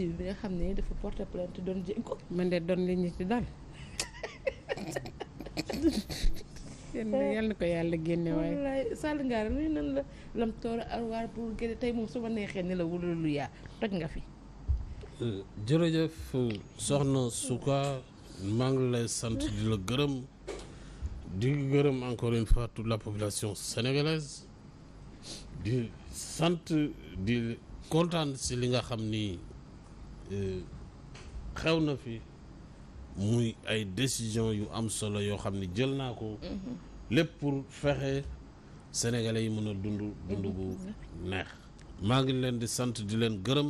civil bi nga xam ne dafa porter plainte doon jéego. man de doon li ñu ci dal. yal na ko yàlla génne waaye. wallaay luy nan la lam toor arwaar pour tey moom su ma neexee ne la wala lu yaa toj nga fi. Euh, jërëjëf soxna Souka maa ngi lay sant di la gërëm di gërëm encore une fois toute la population sénégalaise di sant di kontaan si li nga xam ni. xew na fi muy ay décision yu am solo yoo xam ne jël naa ko mhm. lépp pour fexe sénégalais yi mën a dundu dund bu neex maa ngi leen di sant di leen gërëm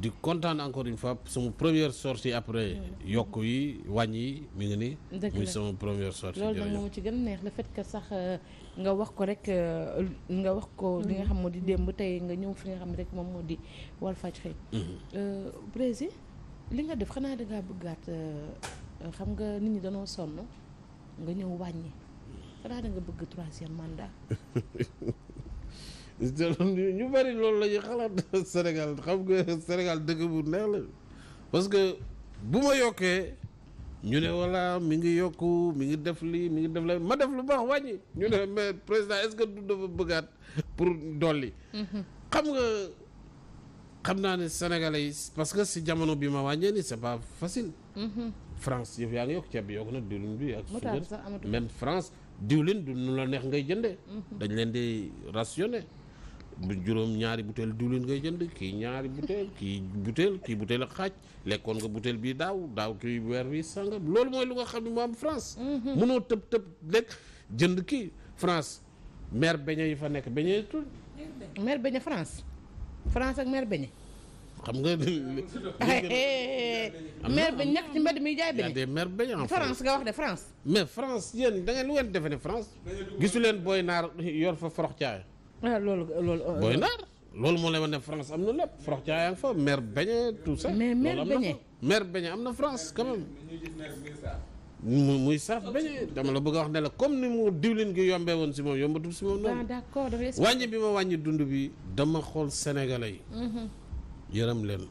di kontaan encore une fois sama première sortie après yokk yi wàññi yi mi ngi ni muy sama première sortie loolu nag moom ci gën a neex le fait que sax euh, nga wax ko rek euh, nga wax ko li nga mm-hmm. xam moo di démb tey nga ñëw fi nga xam rek moom moo di Walfadjri mm-hmm. euh, Brésil li nga def xanaa dangaa bëggaat xam nga nit ñi danoo sonn nga ñëw wàññi xanaa da bëgg troisième mandat ñu bari loolu la ñuy xalaat Sénégal xam nga Sénégal dëkk bu neex la parce que bu ma yokkee ñu ne voilà mi ngi yokk mi ngi def lii mi ngi def la ma def lu baax wàññi ñu ne mais président est-ce que du dafa bëggaat pour dolli. Mhm. xam nga xam naa ne Sénégalais yi parce que si jamono bi ma wàññee ni c'est pas facile. Mhm. France yëf yaa ngi yokk ceeb bi yokk na diwlin bi ak. suukar même France diwlin du nu la neex ngay jëndee. Mhm. dañ leen di rationner. bu juróom ñaari butéel diwlin ngay jënd kii ñaari butéel kii butéel kii butéel ak xaaj lekkoon nga butéel bii daaw daaw kii weer bii sangam loolu mooy lu nga xam ne mu am France mënoo mhm. tëb tëb lekk jënd kii France mer beñe yi fa nekk beñe tul mer beñe France France ak xam nga. mer beñ eh, nekk ci mbedd mi jaay beñ. des mer beñ en France nga wax de France. mais France yéen da lu ngeen defe ne France. gisu leen booy naar yor fa forox caay. Eh, loolu loolu. Euh, booy euh. naar loolu moo lay wax ne France am na lépp frox caa yaa fa mer beñe tout ça. mais mer beñe am na France quand muy saaf beñe dama la bëgg a wax ne comme ni mu diwlin gi yombee woon si moom yombatul si moom noonu. Ah, d'accord wàññi bi ma wàññi dund bi dama xool sénégalais yi. Mhm. yërëm leen.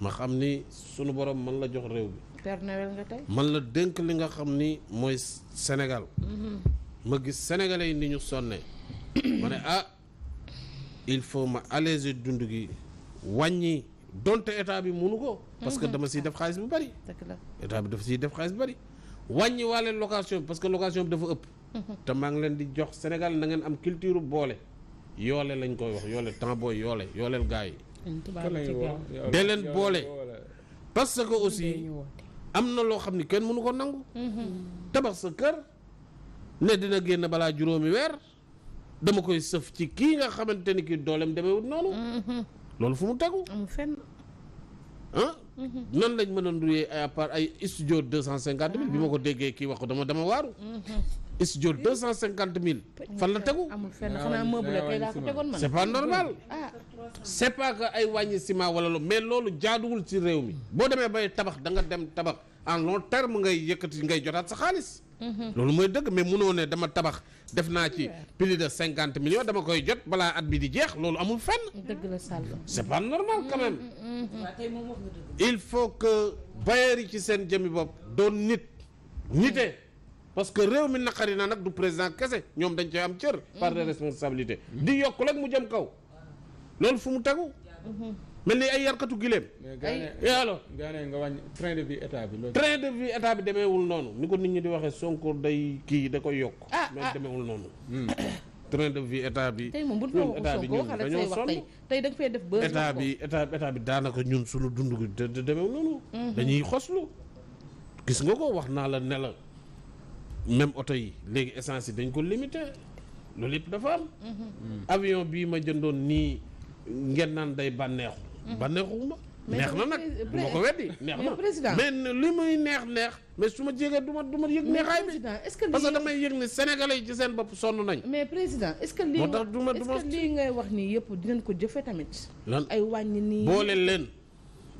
ma xam ni sunu borom man la jox réew bi Père Noël nga man la dénk li nga xam ni mooy Sénégal. Mhm. ma gis sénégalais yi ni ñu sonnee. ma ne ah il faut ma alléger dund gi wàññi donte état bi munu ko. parce que mhm. dama siy def xaalis bu bari. dëgg la état bi dafa siy def xaalis bu bari. wàññi waale location bi parce que location bi dafa ëpp. Mhm. te maa ngi leen di jox Sénégal na ngeen am culture boole. yoole lañ koy wax yoole temps booy yoole yooleel gaa yi. de leen boole. parce que aussi am na loo xam ni kenn mënu ko nangu. Mhm. tabax sa kër ne dina génn balaa juróomi weer. dama koy sëf ci kii nga xamante ni kii dooleem demeewut noonu. Mm-hmm. loolu fu mu tegu. amul fenn. ah. nan lañ mën a nuyee ay à ay studio deux cent cinquante mille mm-hmm. bi ma ko déggee kii wax ko dama dama waaru. studio deux cent cinquante mille. fan la tegu amul fenn xanaa meuble la kay ko ah c'est pas que ay wàññi ciment wala loolu mais loolu jaaduwul ci réew mi. boo demee ba tabax da nga dem tabax en long terme ngay yëkkati ngay jotaat sa xaalis. Mm-hmm. loolu mooy dëgg mais munoo ne dama tabax def naa ci plus de cinquante millions dama koy jot balaa at bi di jeex loolu amul fenn. dëgg la Sall. c'est pas normal quand mm-hmm. il faut que bailleurs yi ci seen jëmmi bopp doon nit. nite parce que réew mi naqari na nag du président kese ñoom dañ cee am cër. par des mm-hmm. responsabilités. di yokk rek mu jëm kaw. loolu fu mu tegu. mel ni ay yarkatu gileem. mais alors nga wàññi train de vie état bi loolu. train de vie état bi demeewul noonu ni ko nit ñi di waxee Sonko day kii da ko yokk. ah mais ah. noonu. Hmm. train de vie état bi. tey moom bu ñu état bi ñun dañoo sonn tey da nga fay def bës état bi état état bi daanaka ñun suñu dund gi de demeewul noonu. Mhm. dañuy xoslu. gis nga ko wax naa la nela la même oto yi léegi essence yi dañ ko limité loolu yëpp dafa am. Mhm. Hmm. avion bii ma jëndoon nii ngeen naan day bànneexu. bànneexuma neex na nag du ma ko weddi neex na mais li muy neex neex mais su ma jégee du ma du ma yëg neexaay bi parce que damay yëg ni sénégalais yi ci seen bopp sonn nañ mais président est-ce que lii moo tax du wax nii yëpp dinañ ko jëfe tamit lan ay wàññi nii boole leen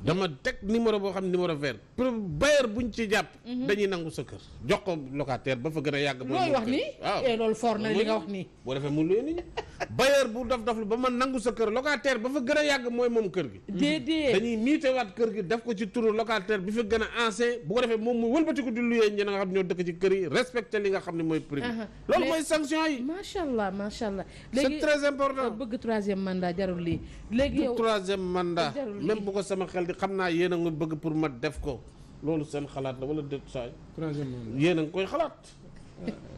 dama teg numéro boo xam ne numéro vert pour bailleur buñ ci jàpp mhm. dañuy nangu sa kër jox ko locataire ba fa gën a yàgg looy wax nii waaw eh, loolu for na li nga wax nii boo defee mu luye bailleur bu dof dof lu ba ma nangu sa kër locataire ba fa gën a yàgg mooy moom kër gi déedéet dañuy miitewaat kër gi def ko ci turu locataire bi fa gën a ancien bu ko moom muy wëlbatiku di luyee ñi nga xam ñoo dëkk ci kër yi nga xam ne mooy prix uh-huh. loolu mooy sanction yi macha allah macha allah léegi c'est très bëgg troisième mandat jarul lii léegi yow troisième mandat même bu ko sama xel di xam naa yéen a nga bëgg pour ma def ko loolu seen xalaat la wala de saay troisième yéen a nga koy xalaat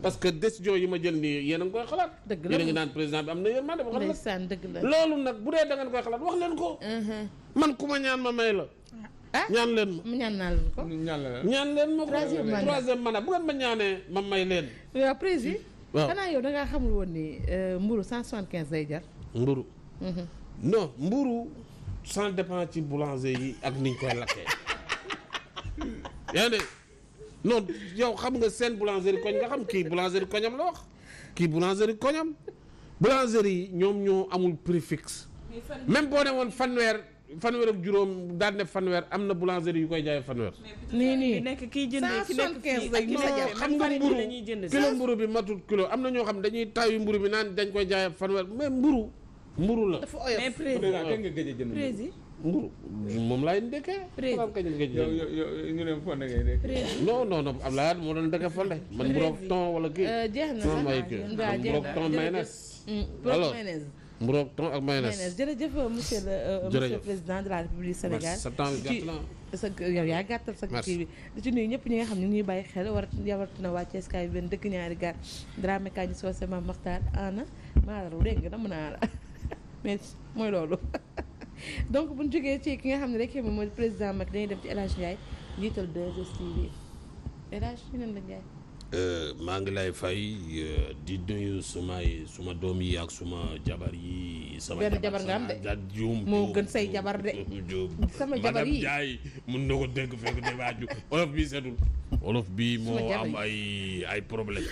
parce que décision yi ma jël nii yéen a koy xalaat. dëgg la yéen a ngi naan président bi am na yërmande ma xam la loolu nag bu dee da ngeen koy xalaat wax leen ko. Mhm. man ku ma ñaan ma may la. Ah, ah ñaan leen ma ñaan naa leen ko. ñaan leen ma ñaan leen ma ko. troisième mandat bu ma ñaanee ma may leen. waaw président. xanaa yow da ngaa xamul woon ni euh, mburu 175 lay jar. mburu mhm. non mburu sans dépend ci boulanger yi ak niñ koy lakkee yaa ngi non yow xam nga seen boulangerie koñ nga xam kii boulangerie koñam la wax kii boulangerie koñam boulangerie yi ñoom ñoo amul préfixe même boo ne woon fanweer fanweer ak juróom daan ne fanweer am na boulangerie yu koy jaayee fanweer. nii nii nekk kiy jëndee ki nekk fii ak xam nga mburu kilo mburu bi matul kilo am na ñoo xam dañuy taayu mburu bi naan dañ koy jaayee fanweer mais mburu mburu la. dafa oyof mais président nga gëj a jënd mburu moom laay ndekkee. prévu yow yow ñu ne fonde ngay ndekkee. non non kii. Euh, jeex na ah waaw mburoog ton mayonnaise. Hmm, alors mburoog ton ak mayonnaise. jërëjëf euh, monsieur le euh, monsieur le président de la république Sénégal. sa temps sa yow yaa gàttal sa kii bi di ci nuyu ñëpp ñi nga xam ne ñu ngi bàyyi xel war yawartina waa Thiès kaay benn dëkk ñaari gaar Dramé Kañ Socé Mame Makhtar ana maa la dégg nga dama naa la mais mooy loolu donc bu ñu jógee ci ki nga xam ne rek moom mooy président mag dañuy def ci El Hadj Ndiaye njiital 2STV El euh, maa ngi lay fay euh, di nuyu sumay suma doom yi ak suma jabar yi. sama jabar nga am de moo gën say jabar de. sama jabar yi madame mun na ko dégg fekk dafa aju olof bi setul. olof bi moo am ay ay problème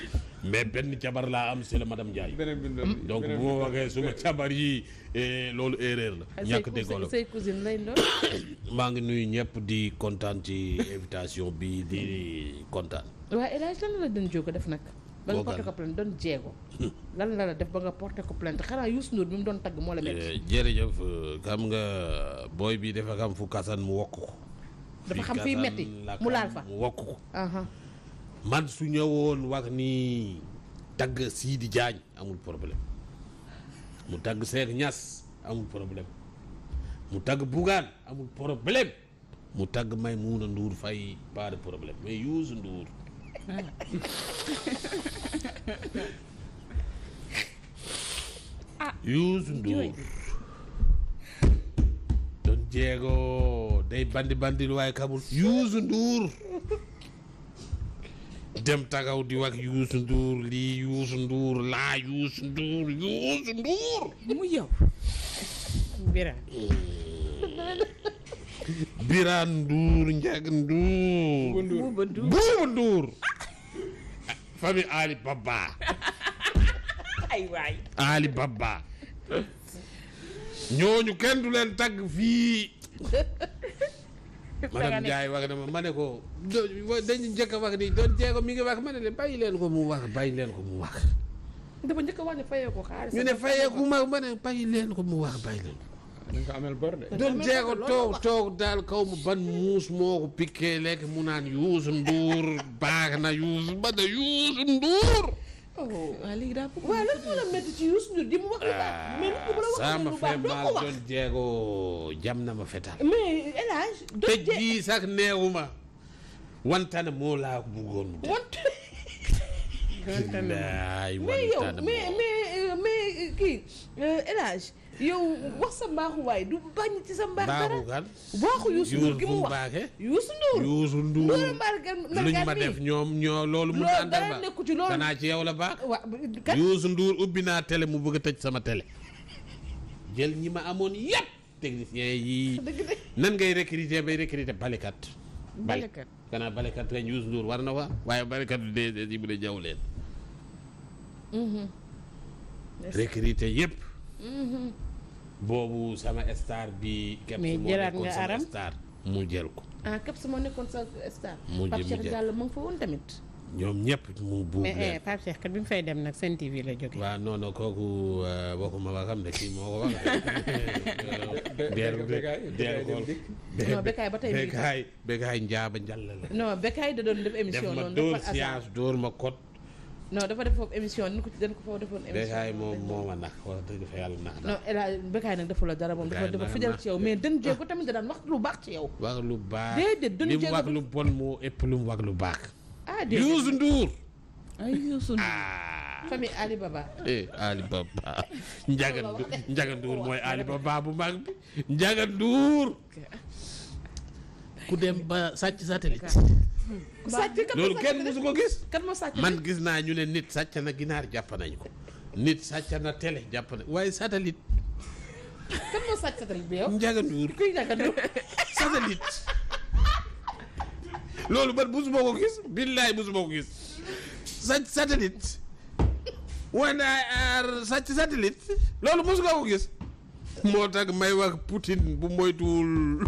mais benn cabar laa am c'est la madame Ndiaye. Hmm? donc bu ma waxee suma cabar yi eh, loolu erreur la. Ah, ñàkk déggoo la say cousine lay doon. maa ngi nuyu ñëpp di kontaan ci invitation bi di kontaan. waa El Hadj lan la doon jóg def nag. ba nga porté ko plainte doon jéego. Hmm. lan la la def ba nga porte ko plant xanaa Youssou Ndour bi mu doon tagg moo la métti. Eh, jërëjëf xam nga booy bi dafa xam fu kasan mu wokk ko. dafa xam fiy metti mu laal fa mu wokk ko. man su ñëwoon wax ni tagg Sidi Diagne amul problème mu tagg Seex Ñas amul problème mu tagg Bougane amul problème mu tagg Maïmouna Ndour Faye pas de problème mais Youssou Ndour ah. doon jeego day bandi bandi lu waaye kamul Youssou Ndour dem tagaw di wax Youssou Ndour lii Youssou Ndour laa Youssou Ndour Youssou Ndour. mu yow. Birane. Njag Ndour. Bouba Ndour Bouba Ali Baba. ay waay Ali Baba. ñooñu kenn du leen tagg fii. madame Ndiaye wax dama ma ne ko dañu njëkk a wax ni doon jeego mi ngi wax ma ne leen bay leen ko mu wax bàyyi leen ko mu wax. dama njëkk a wax ne ko xaalis. ñu ne fayee ko ma ma ne leen ko mu wax bàyyi leen ko. dañ ko amel bor de. doon jeego toog toog daal kaw mu ban muus moo ko pikkee lekk mu naan Youssou Ndour baax na Youssou ba de Youssou Ndour. waaw oh. ah, léegi daa bëgg. waaw lan moo la métti ci Youssou Ndour di mu wax ah, lu baax. mais nit la waxee lu baax doo ko wax Don Diego jam na ma fetal. mais El Hadj. Don Diego tëj bii wantan moo laa bëggoon. wantan. wantan mais yow mais mais. kii euh, El yow wax sa mbaaxu waay du bañ ci sa mbaax dara waaxu Youssou Ndour gi mu wax Youssou Ndour Youssou Ndour luñ ma def ñoom ñoo loolu mu àndal ba nekku ci loolu danaa ci yow la baax Youssou Ndour ubbi naa tele mu bëgg a tëj sama télé jël ñi ma amoon yépp technicien yi nan ngay recruter bay recruter balekat balekat gannaaw balekat ren Youssou Ndour war na waa waaye balekat du dee dee Ibra Jaw leen mhm. recruter yëpp. Mm-hmm. boobu sama star bi. mais jëlaat nga aram mu jël ko. ah képp su ma nekkoon sa star. mu jëm mu ngi fa woon tamit. ñoom ñëpp mu buub eh, leen mais kat bi mu fay dem nag Sen TV la jógee. waaw non non kooku euh, waxuma ba xam ne kii moo ko wax. deeru deeru xool non Bécaye tey Bécaye Bécaye Njaaba Njalla la. non Bécaye da doon def émission def ma dóor siyaas dóor ma kot. non dafa def foofu émission dañ ko dañ ko foofu defoon émission Bécaye moom moo ma nax wax dëgg yàlla nax non El Hadj Bécaye nag defu la dara moom dafa dafa fidèle ci yow mais dën jéego tamit da daan wax lu baax ci yow wax lu baax déedéet dën jéego li mu wax lu bon moo ëpp lu mu wax lu baax ah déedéet Youssou Ndour ah. famille Ali Baba eh mooy Ali Baba bu mag bi Ndiaga ku dem ba sàcc satellite. ku sàcc loolu kenn mësu ko gis. man gis naa ñu ne nit sàcc na ginaar jàpp nañ ko. nit sàcc na télé jàpp na waaye satellite. kat moo sàcc satellite bi yow. Ndiaga Ndour kuy Ndiaga loolu man mësuma ko ko gis moo tax may wax Poutine bu moytuwul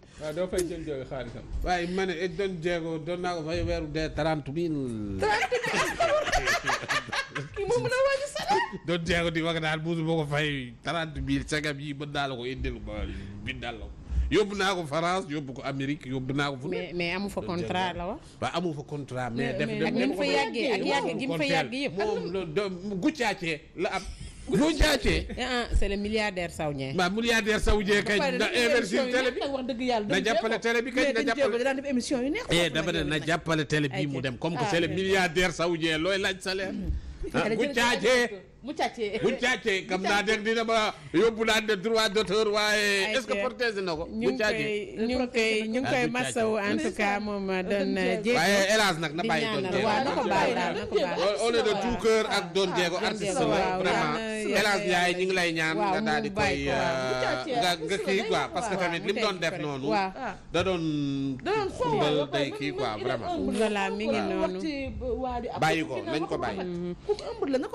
waaw doo fay jën jéego waaye ma ne jën doon naa ko fay weeru dee trente mille. trente mille. kii moom la doon jéego di wax daal buusu boo ko fay trente mille sagam yi mën naa la ko indil ba bindal la ko. yóbbu naa ko France yóbbu ko Amérique yóbbu naa ko. fu mais mais amu fa contrat la wax. waaw amu fa contrat mais. def ni mu fa yàggee ak yàgg gi mu fa yàgg yëpp. moom la guccaacee la am. boo jaacee. Eh, ah, c'est le milliardaire saoudien. waaw milliardaire saoudien kañ. da investir télé bi wax dëgg yàlla da jàppale télé bi kañ da jàppale daan def émission yu neex. Eh, dama ne na jàppale télé bi mu dem comme que c'est le ah. milliardaire saoudien looy laaj salaire. Ah, bu jaacee. bu càccee bu càccee kam naa deg dina ma yóbbu naa de droit d'auteur waaye est-ce que na ko ñu ngi koy ñu ngi koy ah, masawu en tout cas doon jéego waaye hélas nag na bàyyi doon jéego ko bàyyi daal na ak doon jéego ah, artiste la vraiment hélas yaay ñu ngi lay ñaan nga daal di koy euh, nga kii quoi parce que tamit li mu doon def noonu da doon xumbal day kii quoi vraiment voilà mi ngi noonu bàyyi ko nañ ko bàyyi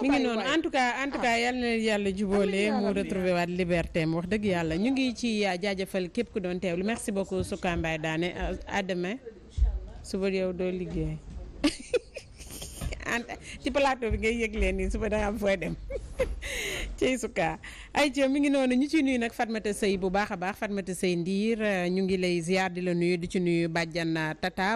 mi ngi noonu en tout cas cas en yàlla cas yal na yàlla jubóole mu retrouvé waat liberté am wax dëgg yàlla ñu ngi ci jaajafal képp ku doon lu merci beaucoup Souka Mbaye Daane à suba yow doo liggéey ci palaato bi ngay yëg leen nii suba da nga am fooy dem ci Souka ay ci mi ngi noonu ñu ci nuyu nag Fatmata Seye bu baax a baax Fatmata Seye Ndiir ñu ngi lay ziar di la nuyu di ci nuyu bàjjan Tata